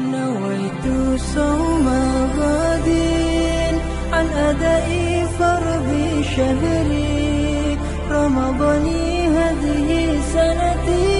نويت صوم غد عن أداء فرض شهري رمضان هذه سنتي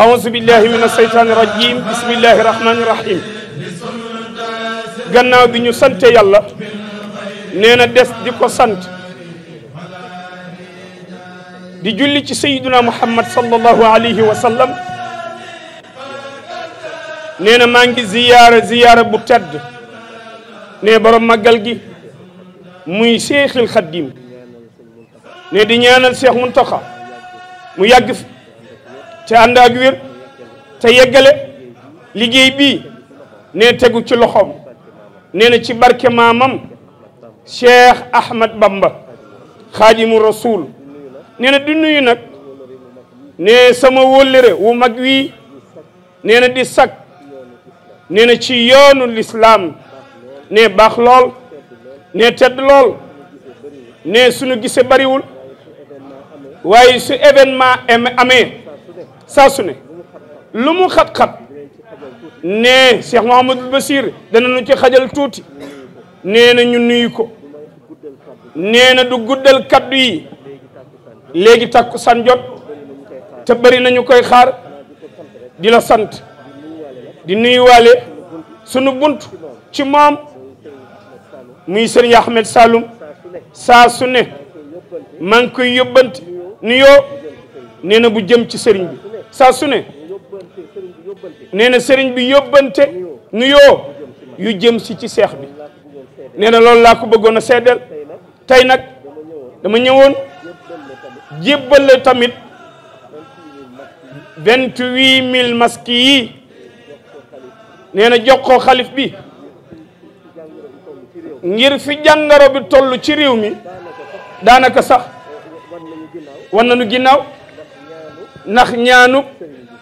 aousu billahi min aseytaani rajim bismillahi rahmaani rahim gannaaw bi ñu sante yàlla nee na des di ko sant di julli ci sayiduna muhammad sallallahu alayhi wa sallam nee na maa ngi ziyaara ziyaara bu tedd ne borom màggal gi muy Seexil Xaddim ne di ñaanal Seex Muntaxa mu yàgg fi te ànd ak te yeggale liggéey bii ne tegu ci loxoom nee na ci barke maamam Cheikh Ahmad Bamba xaadimu rasul nee di nuyu nag ne sama wóllëre wu mag wii nee na di sak nee na ci yoonu lislaam ne baax lool ne tedd lool ne suñu gisee bariwul waaye su événement amee saa su ne lu mu xat-xat ne Cheikh Mouhamadul Basir danañu ci xajal tuuti nee na ñu nuyu ko nee du guddal kaddu yi léegi takku san jot te bëri nañu koy xaar di sant di nuyuwaale sunu bunt ci maam muy sëriñ Ahmed Saloum saa sune ne maa ngi koy yóbbante nuyoo nee na bu jëm ci sëriñ bi saa sune ne nee na sëriñ bi yóbbante nuyoo yu jëm si ci seex bi nee na loolu laa ko bëggoon a seddal tey nag dama ñëwoon jébbal tamit vingt-huit mille masques yi nee na jox ko xalif bi ngir fi jàngoro bi toll ci réew mi daanaka sax wan nañu ginnaaw ndax ñaanu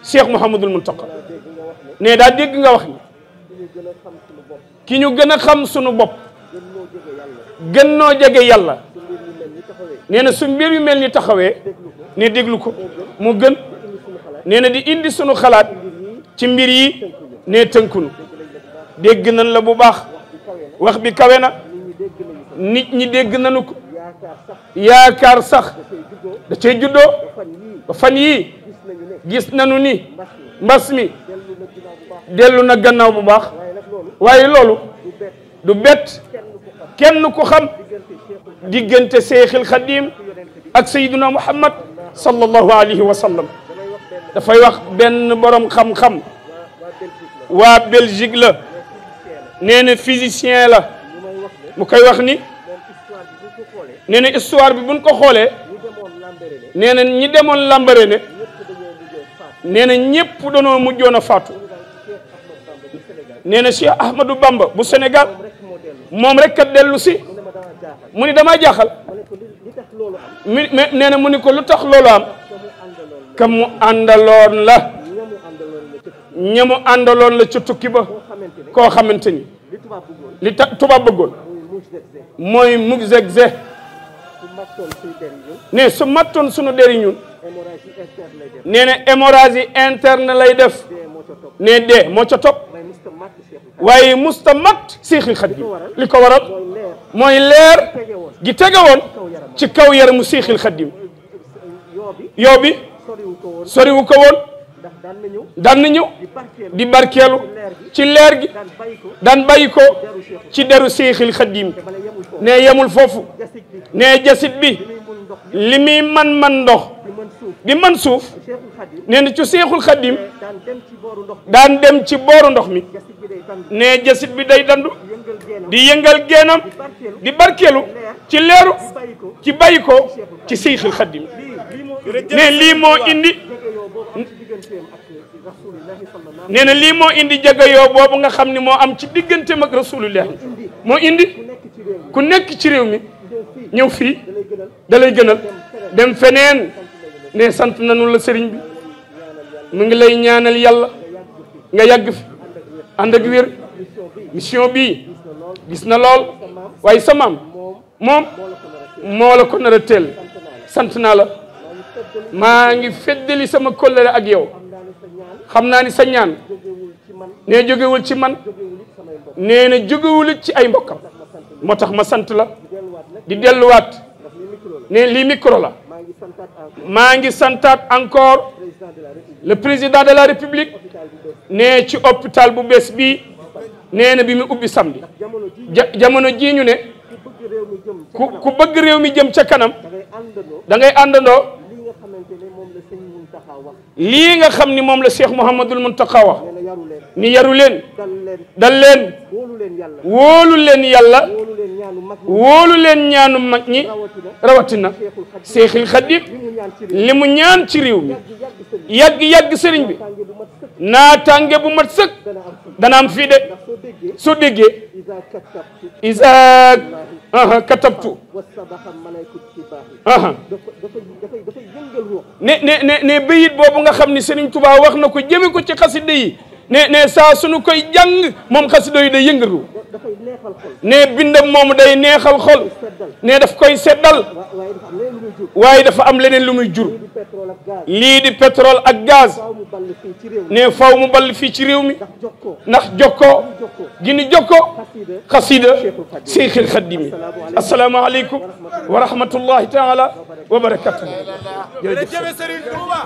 Cheikh Mouhamadul toq ne daa dégg nga wax ni ki ñu gën a xam sunu bopp gën noo jege yàlla nee na su mbir yu mel ni taxawee ne déglu ko mu gën nee di indi sunu xalaat ci mbir yi ne tënkunu dégg nañ la bu baax wax bi kawe na nit ñi dégg nañu ko yaakaar sax da cay juddoo ba fan yi gis nañu ni mbas mi dellu na gannaaw bu baax waaye loolu du bett kenn ku xam diggante Seexil Xadiim ak Sayyiduna Muhammad sallallahu alayhi wa sallam dafay wax benn borom xam-xam. waa Belgique la nee na physicien la mu koy wax ni nee na histoire bi buñ ko xoolee nee na ñi demoon Lambaréné nee na ñépp danoo mujjoon a faatu nee na Cheikh Ahmadou Bamba bu Sénégal moom rek a dellu si mu ni damaa jaaxal mi nee na mu ni ko lu tax loolu am ka mu àndaloon la ña mu àndaloon la ca tukki ba koo xamante ni li ta tubaab bëggoon mooy mugzegze ne su mattoon sunu deri ñun nee na interne lay def ne dee moo ca topp waaye musta mat Seexul Xadiim li ko waral mooy leer gi tege woon ci kaw yaramu Seexul Xadiim yoo bi soriwu ko woon daan na ñëw di barkeelu ci leer gi daan bayi ko ci deru Seexil Xadiim ne yemul foofu ne jasit bi li muy man-man ndox di man suuf nee na ci Seexul Xadiim daan dem ci booru ndox mi ne jasit bi day dandu di yëngal géenam di barkeelu ci leeru ci bàyyi ko ci Seexil Xadiim ne lii moo indi nee na lii moo indi yoo boobu nga xam ni moo am ci digganteem ak rasulullah moo indi ku nekk ci réew mi ñëw fii dalay lay gënal dem feneen ne sant nañu la sëriñ bi mu ngi lay ñaanal yàlla nga yàgg fi ànd ak wér mission bi gis na lool waaye sa moom moo la ko nar a teel sant naa la maa ngi feddali sama kóllëre ak yow xam naa ni sa ñaan nee jógewul ci man nee na jógewul ci ay mbokkam moo tax ma sant la di delluwaat ne lii micro la maa ngi santaat encore le président de la république nee ci hôpital bu bees bi nee na bi mu ubbi samedi jamono jii ñu ne ku ku bëgg réew mi jëm ca kanam da àndandoo lii nga xam ni moom la Cheikh Mouhamadul Muntaqa wax ni yaru leen dal leen wóolu leen yàlla wóolu leen ñaanu mag ñi rawatina Cheikhul Khadim li mu ñaan ci réew mi yàgg-yàgg sëriñ bi naataange bu mat sëkk dana fii de soo déggee isa katabtu aha ne ne ne bayit boobu nga xam ni Serigne Touba wax na ko jëme ko ci xasida yi ne ne saa suñu koy jàng moom xasida yi day yëngatu ne bindam moom day neexal xol ne daf koy seddal waaye dafa am leneen lu muy jur lii di pétrole ak gaz ne faw mu ball fii ci réew mi ndax jokkoo gini jokko xasida Seexul Xadimi asalaamaaleykum wa rahmatullahi taala wa barakatuh jërëjëf Sëriñ Tuuba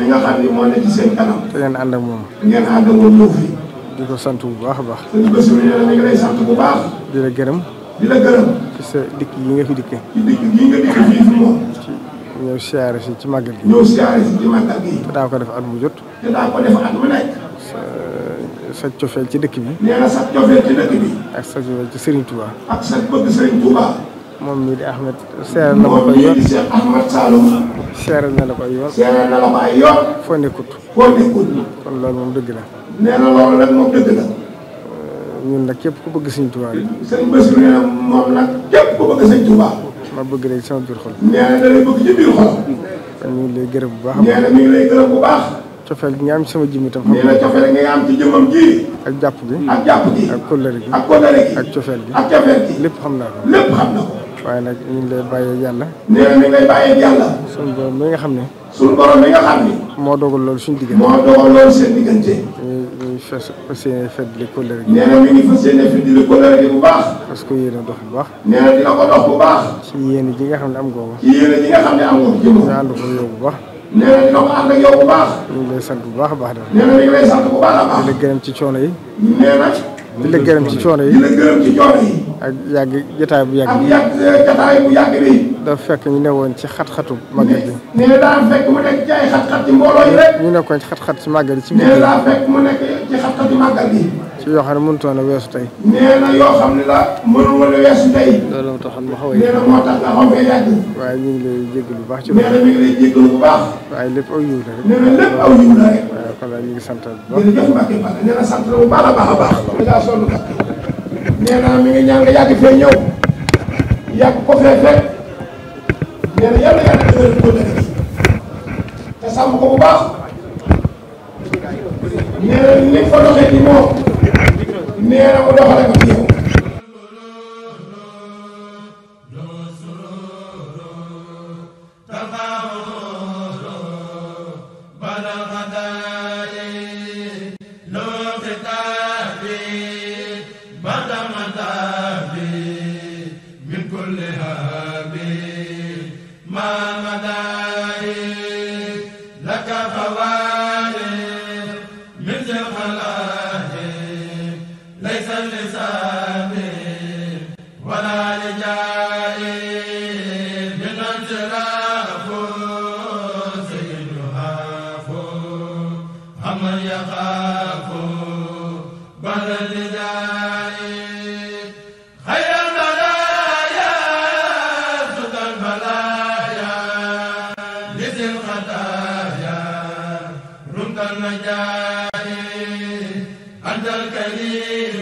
li nga xam ne moo nekk ci seen kanam te ngeen ànd ak moom ngeen ànd ak moom ñëw fi di ko sant bu baax a baax sëñ Bassirou nee na ngi lay sant bu baax di la gërëm di la gërëm ci sa dikk yi nga fi dikkee ci dikk yi nga dikk fii fi moom ñëw siyaare si ci màggal gi. ñëw siyaare si ci màggal gi. te daa ko def at mu jot. te daa ko def at mu sa cofeel ci dëkk bi. nee na sa cofeel ci dëkk bi. ak sa cofeel ci Serigne Touba. ak sa bëgg Serigne Touba. moom moom mii Ahmed Saloum. seeral na la ko ay foo nekkut. foo nekkut. kon loolu moom dëgg la. nee na loolu nag moom dëgg la. ñun képp ku na moom ku bëgg Serigne Touba. ma bëgg léegi sama biir xol. nee na dana bëgg ci biir ñu lay gërëm bu baax. nee cofeel gi nga am ci sama jëmm itam. nee na cofeel gi nga am ci jëmmam ji. ak jàpp gi. ak jàpp gi ak kóllare gi. ak cofeel gi. lépp xam naa ko. lépp xam na ko. waaye nag ñu ngi lay bàyyee yàlla. nee mi lay bàyyee yàlla. suñu borom mi nga xam ne suñu borom mi nga xam ni. moo dogal loolu suñu diggante. moo dogal loolu seen diggante. ñu ñu fas fas yéene feddali kóllëre gi. nee na mi ngi fas yéene feddali kóllëre gi bu baax. parce que yéene dox bu baax. nee na dina ko dox bu baax. ci yéene ji nga xam ne am ngoo ma. ci yéene ji nga xam ne am ngoo jëmoo. dina ànd ko yow bu baax. nee na dina ko ànd ak yow bu baax. ñu ngi lay sant bu baax a baax daal. nee na mi ngi lay sant bu baax a baax. di la gërëm ci coono yi. nee na. di la gërëm ci coono yi. di la gërëm ci coono yi. ak yàgg jotaay bu yàgg. ak yàgg eh, jotaay bu yàgg dafa fekk ñu newoon ci xat-xatu màggal gi. nee na daa fekk mu nekk ci ay xat-xat ci mbooloo yi rek. ñu nekkoon ci xat-xat ci màggal gi. nee na daa fekk mu nekk ci xat-xat ci màggal gi. ci yoo xam ne mënutoon a weesu tey. nee na yoo xam ne la mënu woon a weesu tey. loolu moo taxoon ma xaw a. nee na moo tax nga xaw fee yàgg. waaye ñu ngi lay jégalu bu baax ci loolu. nee na mi ngi lay jégalu bu baax. waaye lépp aw yiw la rek. nee na lépp aw yiw la rek. waaw kon nag ñu ngi sant bu baax. jërëjëf Mbacke Balla nee na sant na bu baax a baax a baax. daa sonn kat. nee na mi ngi ñaan nga yàgg fee ñëw yàgg ko fee fekk nee na yàlla yàlla dëgëral ko te sàmm ko bu baax nee na ni fa doxee ci moom nee na mu doxale la النجاة أنت الكريم